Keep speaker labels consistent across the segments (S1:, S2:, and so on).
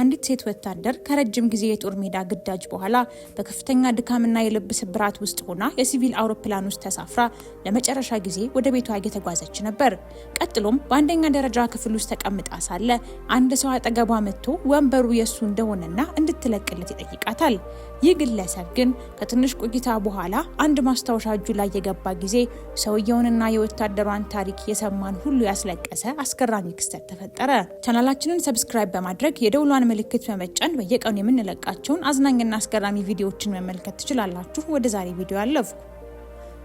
S1: አንዲት ሴት ወታደር ከረጅም ጊዜ የጦር ሜዳ ግዳጅ በኋላ በከፍተኛ ድካምና የልብ ስብራት ውስጥ ሆና የሲቪል አውሮፕላን ውስጥ ተሳፍራ ለመጨረሻ ጊዜ ወደ ቤቷ እየተጓዘች ነበር። ቀጥሎም በአንደኛ ደረጃ ክፍል ውስጥ ተቀምጣ ሳለ አንድ ሰው አጠገቧ መጥቶ ወንበሩ የእሱ እንደሆነና እንድትለቅለት ይጠይቃታል። ይህ ግለሰብ ግን ከትንሽ ቆይታ በኋላ አንድ ማስታወሻ እጁ ላይ የገባ ጊዜ ሰውየውንና የወታደሯን ታሪክ የሰማን ሁሉ ያስለቀሰ አስገራሚ ክስተት ተፈጠረ። ቻናላችንን ሰብስክራይብ በማድረግ የደውሏን ምልክት በመጫን በየቀኑ የምንለቃቸውን አዝናኝና አስገራሚ ቪዲዮዎችን መመልከት ትችላላችሁ። ወደ ዛሬ ቪዲዮ አለፍኩ።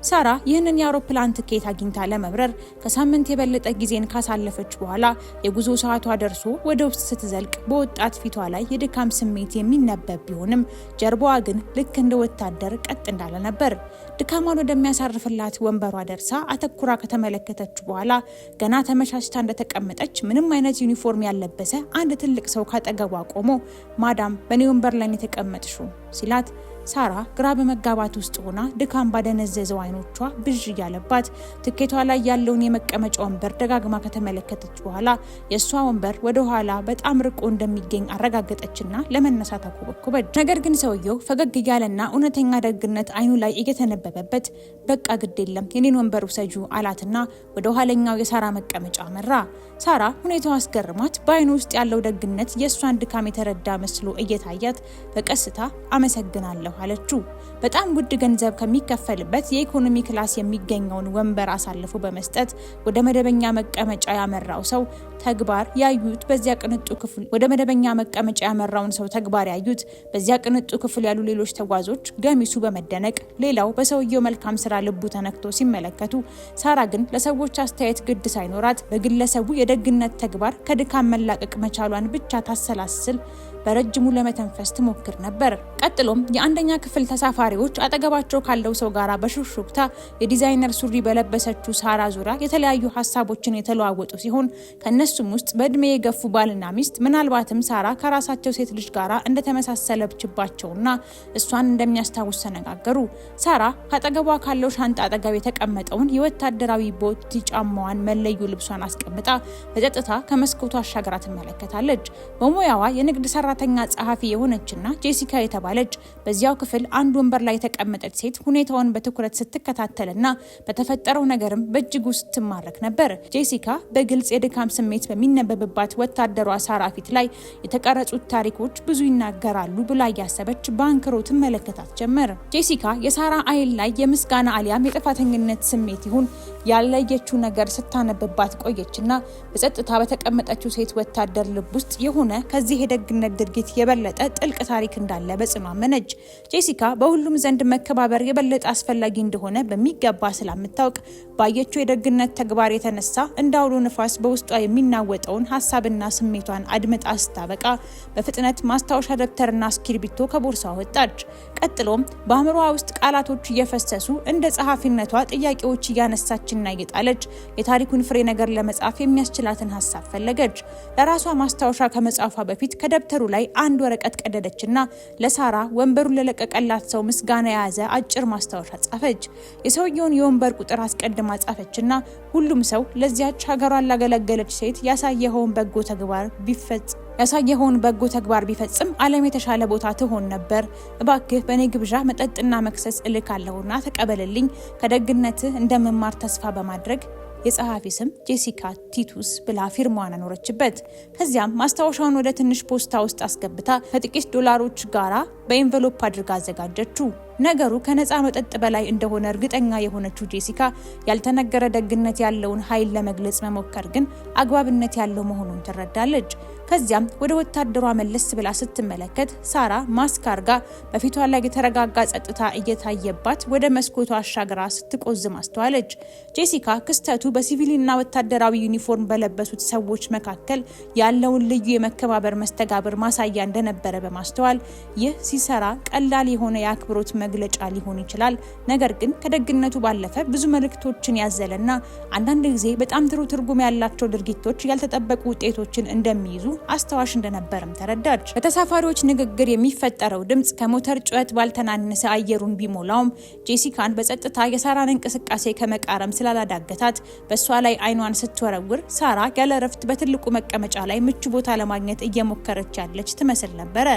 S1: ሳራ ይህንን የአውሮፕላን ትኬት አግኝታ ለመብረር ከሳምንት የበለጠ ጊዜን ካሳለፈች በኋላ የጉዞ ሰዓቷ ደርሶ ወደ ውስጥ ስትዘልቅ በወጣት ፊቷ ላይ የድካም ስሜት የሚነበብ ቢሆንም ጀርባዋ ግን ልክ እንደ ወታደር ቀጥ እንዳለ ነበር። ድካሟን ወደሚያሳርፍላት ወንበሯ ደርሳ አተኩራ ከተመለከተች በኋላ ገና ተመቻችታ እንደተቀመጠች ምንም አይነት ዩኒፎርም ያለበሰ አንድ ትልቅ ሰው ካጠገቧ ቆሞ ማዳም በኔ ወንበር ላይ የተቀመጥሹ ሲላት ሳራ ግራ በመጋባት ውስጥ ሆና ድካም ባደነዘዘው አይኖቿ ብዥ እያለባት ትኬቷ ላይ ያለውን የመቀመጫ ወንበር ደጋግማ ከተመለከተች በኋላ የእሷ ወንበር ወደ ኋላ በጣም ርቆ እንደሚገኝ አረጋገጠችና ለመነሳት አኮበኮበች። ነገር ግን ሰውየው ፈገግ እያለና እውነተኛ ደግነት አይኑ ላይ እየተነበበበት በቃ ግድ የለም የኔን ወንበር ውሰጁ አላትና ወደ ኋለኛው የሳራ መቀመጫ መራ። ሳራ ሁኔታው አስገርማት በአይኑ ውስጥ ያለው ደግነት የእሷን ድካም የተረዳ መስሎ እየታያት በቀስታ አመሰግናለሁ አለችው። በጣም ውድ ገንዘብ ከሚከፈልበት የኢኮኖሚ ክላስ የሚገኘውን ወንበር አሳልፎ በመስጠት ወደ መደበኛ መቀመጫ ያመራው ሰው ተግባር ያዩት በዚያ ቅንጡ ክፍል ወደ መደበኛ መቀመጫ ያመራውን ሰው ተግባር ያዩት በዚያ ቅንጡ ክፍል ያሉ ሌሎች ተጓዦች ገሚሱ በመደነቅ ሌላው በሰውየው መልካም ስራ ልቡ ተነክቶ ሲመለከቱ፣ ሳራ ግን ለሰዎች አስተያየት ግድ ሳይኖራት በግለሰቡ የደግነት ተግባር ከድካም መላቀቅ መቻሏን ብቻ ታሰላስል በረጅሙ ለመተንፈስ ትሞክር ነበር። ቀጥሎም የአንደኛ ክፍል ተሳፋሪዎች አጠገባቸው ካለው ሰው ጋር በሹክሹክታ የዲዛይነር ሱሪ በለበሰችው ሳራ ዙሪያ የተለያዩ ሀሳቦችን የተለዋወጡ ሲሆን ከእነሱም ውስጥ በእድሜ የገፉ ባልና ሚስት ምናልባትም ሳራ ከራሳቸው ሴት ልጅ ጋር እንደተመሳሰለችባቸውና እሷን እንደሚያስታውስ ተነጋገሩ። ሳራ ከአጠገቧ ካለው ሻንጣ አጠገብ የተቀመጠውን የወታደራዊ ቦቲ ጫማዋን መለዩ ልብሷን አስቀምጣ በጸጥታ ከመስኮቱ አሻግራ ትመለከታለች። በሙያዋ የንግድ ሰራ ሰራተኛ ጸሐፊ የሆነችና ጄሲካ የተባለች በዚያው ክፍል አንድ ወንበር ላይ የተቀመጠች ሴት ሁኔታውን በትኩረት ስትከታተልና በተፈጠረው ነገርም በእጅጉ ስትማረክ ነበር። ጄሲካ በግልጽ የድካም ስሜት በሚነበብባት ወታደሯ ሳራ ፊት ላይ የተቀረጹት ታሪኮች ብዙ ይናገራሉ ብላ እያሰበች በአንክሮ ትመለከታት ጀመር። ጄሲካ የሳራ አይን ላይ የምስጋና አሊያም የጥፋተኝነት ስሜት ይሁን ያለየችው ነገር ስታነብባት ቆየችና በጸጥታ በተቀመጠችው ሴት ወታደር ልብ ውስጥ የሆነ ከዚህ የደግነት ድርጊት የበለጠ ጥልቅ ታሪክ እንዳለ በጽኑ አመነች። ጄሲካ በሁሉም ዘንድ መከባበር የበለጠ አስፈላጊ እንደሆነ በሚገባ ስላምታውቅ ባየችው የደግነት ተግባር የተነሳ እንደ አውሎ ነፋስ በውስጧ የሚናወጠውን ሀሳብና ስሜቷን አድምጣ ስታበቃ በፍጥነት ማስታወሻ ደብተርና እስክሪብቶ ከቦርሳ ወጣች። ቀጥሎም በአእምሯ ውስጥ ቃላቶች እየፈሰሱ እንደ ጸሐፊነቷ ጥያቄዎች እያነሳች እያጠናችና እየጣለች የታሪኩን ፍሬ ነገር ለመጻፍ የሚያስችላትን ሀሳብ ፈለገች። ለራሷ ማስታወሻ ከመጻፏ በፊት ከደብተሩ ላይ አንድ ወረቀት ቀደደችና ለሳራ ወንበሩን ለለቀቀላት ሰው ምስጋና የያዘ አጭር ማስታወሻ ጻፈች። የሰውየውን የወንበር ቁጥር አስቀድማ ጻፈችና ሁሉም ሰው ለዚያች ሀገሯን ላገለገለች ሴት ያሳየኸውን በጎ ተግባር ቢፈጽም ያሳየኸውን በጎ ተግባር ቢፈጽም ዓለም የተሻለ ቦታ ትሆን ነበር። እባክህ በእኔ ግብዣ መጠጥና መክሰስ እልካለሁና ተቀበልልኝ። ከደግነትህ እንደመማር ተስፋ በማድረግ የጸሐፊ ስም ጄሲካ ቲቱስ ብላ ፊርማዋን አኖረችበት። ከዚያም ማስታወሻውን ወደ ትንሽ ፖስታ ውስጥ አስገብታ ከጥቂት ዶላሮች ጋራ በኤንቨሎፕ አድርጋ አዘጋጀችው። ነገሩ ከነፃ መጠጥ በላይ እንደሆነ እርግጠኛ የሆነችው ጄሲካ ያልተነገረ ደግነት ያለውን ኃይል ለመግለጽ መሞከር ግን አግባብነት ያለው መሆኑን ትረዳለች። ከዚያም ወደ ወታደሯ መለስ ብላ ስትመለከት ሳራ ማስክ አርጋ በፊቷ ላይ የተረጋጋ ጸጥታ እየታየባት ወደ መስኮቷ አሻግራ ስትቆዝም አስተዋለች። ጄሲካ ክስተቱ በሲቪልና ወታደራዊ ዩኒፎርም በለበሱት ሰዎች መካከል ያለውን ልዩ የመከባበር መስተጋብር ማሳያ እንደነበረ በማስተዋል ይህ ሲሰራ ቀላል የሆነ የአክብሮት መግለጫ ሊሆን ይችላል፣ ነገር ግን ከደግነቱ ባለፈ ብዙ መልእክቶችን ያዘለና አንዳንድ ጊዜ በጣም ጥሩ ትርጉም ያላቸው ድርጊቶች ያልተጠበቁ ውጤቶችን እንደሚይዙ አስታዋሽ እንደነበርም ተረዳች። በተሳፋሪዎች ንግግር የሚፈጠረው ድምፅ ከሞተር ጩኸት ባልተናነሰ አየሩን ቢሞላውም ጄሲካን በጸጥታ የሳራን እንቅስቃሴ ከመቃረም ስላላዳገታት በእሷ ላይ አይኗን ስትወረውር ሳራ ያለ እረፍት በትልቁ መቀመጫ ላይ ምቹ ቦታ ለማግኘት እየሞከረች ያለች ትመስል ነበረ።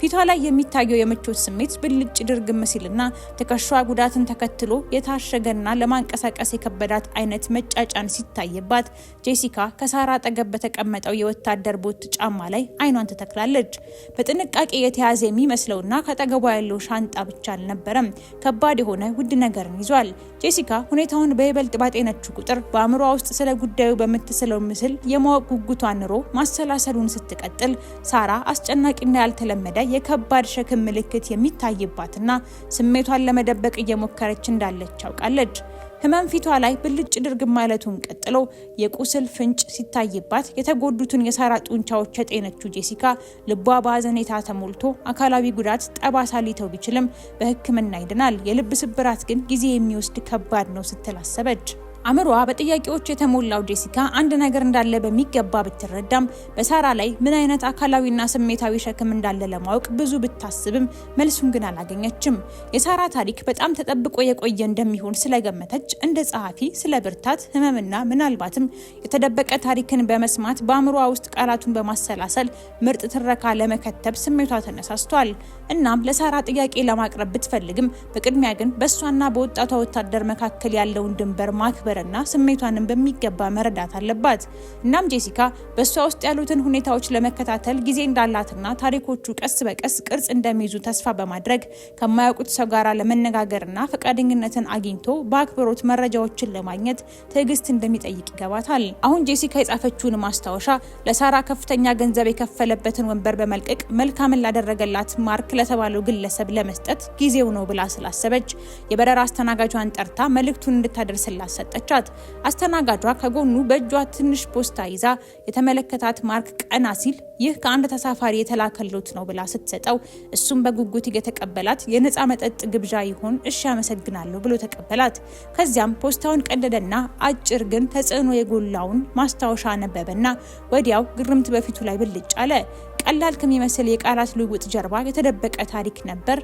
S1: ፊቷ ላይ የሚታየው የምቾት ስሜት ብልጭ ድርግም ሲልና ትከሿ ጉዳትን ተከትሎ የታሸገና ለማንቀሳቀስ የከበዳት አይነት መጫጫን ሲታይባት ጄሲካ ከሳራ አጠገብ በተቀመጠው የወታደር ቦት ጫማ ላይ አይኗን ትተክላለች። በጥንቃቄ የተያዘ የሚመስለውና ከጠገቧ ያለው ሻንጣ ብቻ አልነበረም፣ ከባድ የሆነ ውድ ነገርን ይዟል። ጄሲካ ሁኔታውን በይበልጥ ባጤነችው ቁጥር በአእምሯ ውስጥ ስለ ጉዳዩ በምትስለው ምስል የማወቅ ጉጉቷ ኑሮ ማሰላሰሉን ስትቀጥል፣ ሳራ አስጨናቂና ያልተለመደ የከባድ ሸክም ምልክት የሚታይባትና ስሜቷን ለመደበቅ እየሞከረች እንዳለች አውቃለች። ህመም ፊቷ ላይ ብልጭ ድርግ ማለቱን ቀጥሎ የቁስል ፍንጭ ሲታይባት የተጎዱትን የሳራ ጡንቻዎች የጤነችው ጄሲካ ልቧ በአዘኔታ ተሞልቶ አካላዊ ጉዳት ጠባሳ ሊተው ቢችልም በሕክምና ይድናል፣ የልብ ስብራት ግን ጊዜ የሚወስድ ከባድ ነው ስትል አሰበች። አእምሯ በጥያቄዎች የተሞላው ጄሲካ አንድ ነገር እንዳለ በሚገባ ብትረዳም በሳራ ላይ ምን አይነት አካላዊና ስሜታዊ ሸክም እንዳለ ለማወቅ ብዙ ብታስብም መልሱን ግን አላገኘችም። የሳራ ታሪክ በጣም ተጠብቆ የቆየ እንደሚሆን ስለገመተች እንደ ጸሐፊ ስለ ብርታት ህመምና ምናልባትም የተደበቀ ታሪክን በመስማት በአእምሯ ውስጥ ቃላቱን በማሰላሰል ምርጥ ትረካ ለመከተብ ስሜቷ ተነሳስቷል። እናም ለሳራ ጥያቄ ለማቅረብ ብትፈልግም በቅድሚያ ግን በእሷና በወጣቷ ወታደር መካከል ያለውን ድንበር ማክበር ማክበርና ስሜቷንም በሚገባ መረዳት አለባት። እናም ጄሲካ በእሷ ውስጥ ያሉትን ሁኔታዎች ለመከታተል ጊዜ እንዳላትና ታሪኮቹ ቀስ በቀስ ቅርጽ እንደሚይዙ ተስፋ በማድረግ ከማያውቁት ሰው ጋር ለመነጋገርና ፈቃደኝነትን አግኝቶ በአክብሮት መረጃዎችን ለማግኘት ትዕግስት እንደሚጠይቅ ይገባታል። አሁን ጄሲካ የጻፈችውን ማስታወሻ ለሳራ ከፍተኛ ገንዘብ የከፈለበትን ወንበር በመልቀቅ መልካምን ላደረገላት ማርክ ለተባለው ግለሰብ ለመስጠት ጊዜው ነው ብላ ስላሰበች የበረራ አስተናጋጇን ጠርታ መልእክቱን እንድታደርስላት ሰጠች። አሳየቻት። አስተናጋጇ ከጎኑ በእጇ ትንሽ ፖስታ ይዛ የተመለከታት ማርክ ቀና ሲል ይህ ከአንድ ተሳፋሪ የተላከሎት ነው ብላ ስትሰጠው እሱም በጉጉት የተቀበላት የነፃ መጠጥ ግብዣ ይሆን እሺ አመሰግናለሁ ብሎ ተቀበላት። ከዚያም ፖስታውን ቀደደና አጭር ግን ተጽዕኖ የጎላውን ማስታወሻ ነበበና ወዲያው ግርምት በፊቱ ላይ ብልጭ አለ። ቀላል ከሚመስል የቃላት ልውውጥ ጀርባ የተደበቀ ታሪክ ነበር።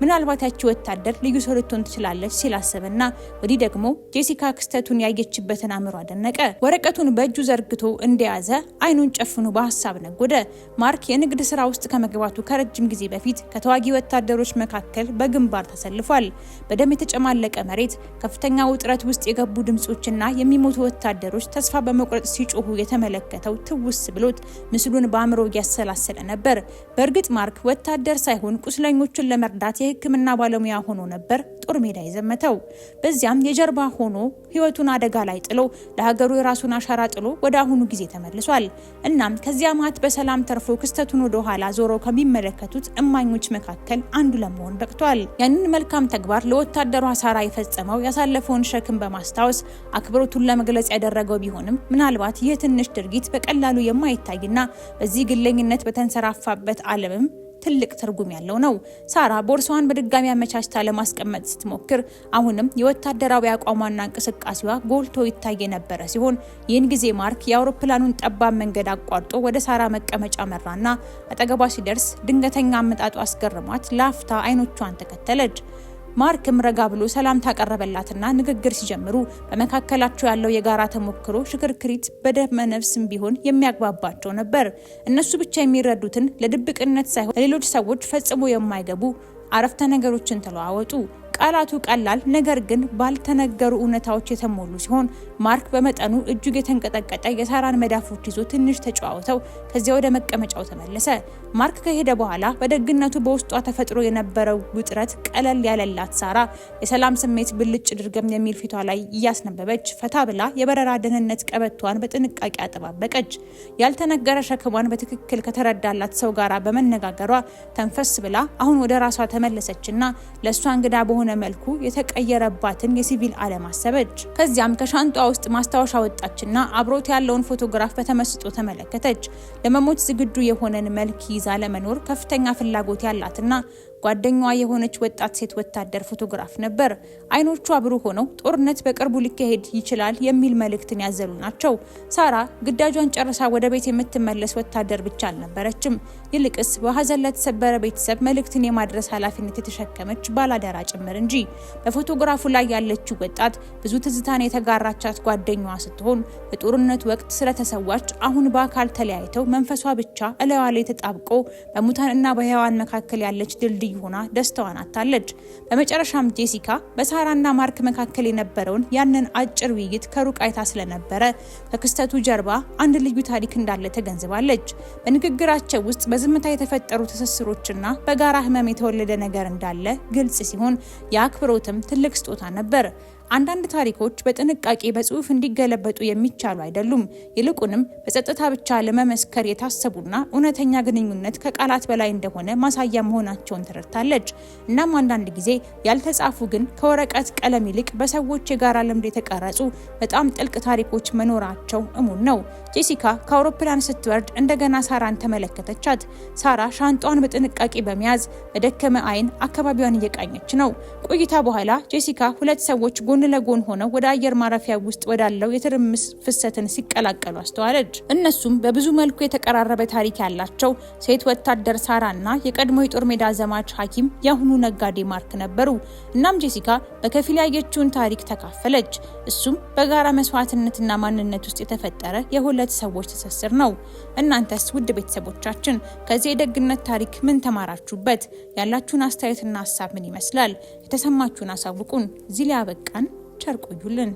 S1: ምናልባት ያቺ ወታደር ልዩ ሰው ልትሆን ትችላለች ሲል አሰበና ወዲህ ደግሞ ጄሲካ ክስተቱን ያየችበትን አእምሮ አደነቀ። ወረቀቱን በእጁ ዘርግቶ እንደያዘ አይኑን ጨፍኖ በሀሳብ ነጎደ። ማርክ የንግድ ስራ ውስጥ ከመግባቱ ከረጅም ጊዜ በፊት ከተዋጊ ወታደሮች መካከል በግንባር ተሰልፏል። በደም የተጨማለቀ መሬት፣ ከፍተኛ ውጥረት ውስጥ የገቡ ድምጾችና የሚሞቱ ወታደሮች ተስፋ በመቁረጥ ሲጮሁ የተመለከተው ትውስ ብሎት ምስሉን በአእምሮ እያሰላሰለ ነበር። በእርግጥ ማርክ ወታደር ሳይሆን ቁስለኞቹን ለመርዳት የሕክምና ባለሙያ ሆኖ ነበር ጦር ሜዳ የዘመተው። በዚያም የጀርባ ሆኖ ህይወቱን አደጋ ላይ ጥሎ ለሀገሩ የራሱን አሻራ ጥሎ ወደ አሁኑ ጊዜ ተመልሷል። እናም ከዚያ ማት በሰላም ተርፎ ክስተቱን ወደ ኋላ ዞረው ከሚመለከቱት እማኞች መካከል አንዱ ለመሆን በቅቷል። ያንን መልካም ተግባር ለወታደሯ ሳራ የፈጸመው ያሳለፈውን ሸክም በማስታወስ አክብሮቱን ለመግለጽ ያደረገው ቢሆንም ምናልባት ይህ ትንሽ ድርጊት በቀላሉ የማይታይና በዚህ ግለኝነት በተንሰራፋበት ዓለምም ትልቅ ትርጉም ያለው ነው። ሳራ ቦርሳዋን በድጋሚ አመቻችታ ለማስቀመጥ ስትሞክር አሁንም የወታደራዊ አቋሟና እንቅስቃሴዋ ጎልቶ ይታይ የነበረ ሲሆን ይህን ጊዜ ማርክ የአውሮፕላኑን ጠባብ መንገድ አቋርጦ ወደ ሳራ መቀመጫ መራና አጠገቧ ሲደርስ ድንገተኛ አመጣጡ አስገርሟት ላፍታ አይኖቿን ተከተለች። ማርክም ረጋ ብሎ ሰላምታ ታቀረበላትና ንግግር ሲጀምሩ በመካከላቸው ያለው የጋራ ተሞክሮ ሽክርክሪት በደመ ነፍስም ቢሆን የሚያግባባቸው ነበር። እነሱ ብቻ የሚረዱትን ለድብቅነት ሳይሆን ለሌሎች ሰዎች ፈጽሞ የማይገቡ አረፍተ ነገሮችን ተለዋወጡ። ቃላቱ ቀላል ነገር ግን ባልተነገሩ እውነታዎች የተሞሉ ሲሆን ማርክ በመጠኑ እጅግ የተንቀጠቀጠ የሳራን መዳፎች ይዞ ትንሽ ተጨዋውተው ከዚያ ወደ መቀመጫው ተመለሰ። ማርክ ከሄደ በኋላ በደግነቱ በውስጧ ተፈጥሮ የነበረው ውጥረት ቀለል ያለላት ሳራ የሰላም ስሜት ብልጭ ድርገም የሚል ፊቷ ላይ እያስነበበች ፈታ ብላ የበረራ ደህንነት ቀበቷን በጥንቃቄ አጠባበቀች። ያልተነገረ ሸክሟን በትክክል ከተረዳላት ሰው ጋር በመነጋገሯ ተንፈስ ብላ አሁን ወደ ራሷ ተመለሰችና ለእሷ እንግዳ በሆነ መልኩ የተቀየረባትን የሲቪል ዓለም አሰበች። ከዚያም ከሻንጧ ውስጥ ማስታወሻ ወጣችና አብሮት ያለውን ፎቶግራፍ በተመስጦ ተመለከተች። ለመሞት ዝግጁ የሆነን መልክ ይዛ ለመኖር ከፍተኛ ፍላጎት ያላትና ጓደኛዋ የሆነች ወጣት ሴት ወታደር ፎቶግራፍ ነበር። አይኖቹ ብሩህ ሆነው ጦርነት በቅርቡ ሊካሄድ ይችላል የሚል መልእክትን ያዘሉ ናቸው። ሳራ ግዳጇን ጨርሳ ወደ ቤት የምትመለስ ወታደር ብቻ አልነበረችም። ይልቅስ በሀዘን ለተሰበረ ቤተሰብ መልእክትን የማድረስ ኃላፊነት የተሸከመች ባላደራ ጭምር እንጂ። በፎቶግራፉ ላይ ያለችው ወጣት ብዙ ትዝታን የተጋራቻት ጓደኛዋ ስትሆን በጦርነት ወቅት ስለተሰዋች አሁን በአካል ተለያይተው መንፈሷ ብቻ እለዋ ላይ ተጣብቆ በሙታንና በሕያዋን መካከል ያለች ድልድይ ሆና ደስታዋን አታለች። በመጨረሻም ጄሲካ በሳራና ማርክ መካከል የነበረውን ያንን አጭር ውይይት ከሩቅ አይታ ስለነበረ ከክስተቱ ጀርባ አንድ ልዩ ታሪክ እንዳለ ተገንዝባለች። በንግግራቸው ውስጥ በዝምታ የተፈጠሩ ትስስሮችና በጋራ ህመም የተወለደ ነገር እንዳለ ግልጽ ሲሆን የአክብሮትም ትልቅ ስጦታ ነበር። አንዳንድ ታሪኮች በጥንቃቄ በጽሁፍ እንዲገለበጡ የሚቻሉ አይደሉም። ይልቁንም በጸጥታ ብቻ ለመመስከር የታሰቡና እውነተኛ ግንኙነት ከቃላት በላይ እንደሆነ ማሳያ መሆናቸውን ተረድታለች። እናም አንዳንድ ጊዜ ያልተጻፉ ግን ከወረቀት ቀለም ይልቅ በሰዎች የጋራ ልምድ የተቀረጹ በጣም ጥልቅ ታሪኮች መኖራቸው እሙን ነው። ጄሲካ ከአውሮፕላን ስትወርድ እንደገና ሳራን ተመለከተቻት። ሳራ ሻንጧን በጥንቃቄ በመያዝ በደከመ አይን አካባቢዋን እየቃኘች ነው። ቆይታ በኋላ ጄሲካ ሁለት ሰዎች ጎን ለጎን ሆነው ወደ አየር ማረፊያ ውስጥ ወዳለው የትርምስ ፍሰትን ሲቀላቀሉ አስተዋለች። እነሱም በብዙ መልኩ የተቀራረበ ታሪክ ያላቸው ሴት ወታደር ሳራ እና የቀድሞ የጦር ሜዳ ዘማች ሐኪም የአሁኑ ነጋዴ ማርክ ነበሩ። እናም ጄሲካ በከፊል ያየችውን ታሪክ ተካፈለች። እሱም በጋራ መስዋዕትነትና ማንነት ውስጥ የተፈጠረ የሁለት ሰዎች ትስስር ነው። እናንተስ ውድ ቤተሰቦቻችን ከዚህ የደግነት ታሪክ ምን ተማራችሁበት? ያላችሁን አስተያየትና ሀሳብ ምን ይመስላል? የተሰማችሁን አሳውቁን። ዚሊያ በቃን። ቸር ቆዩልን።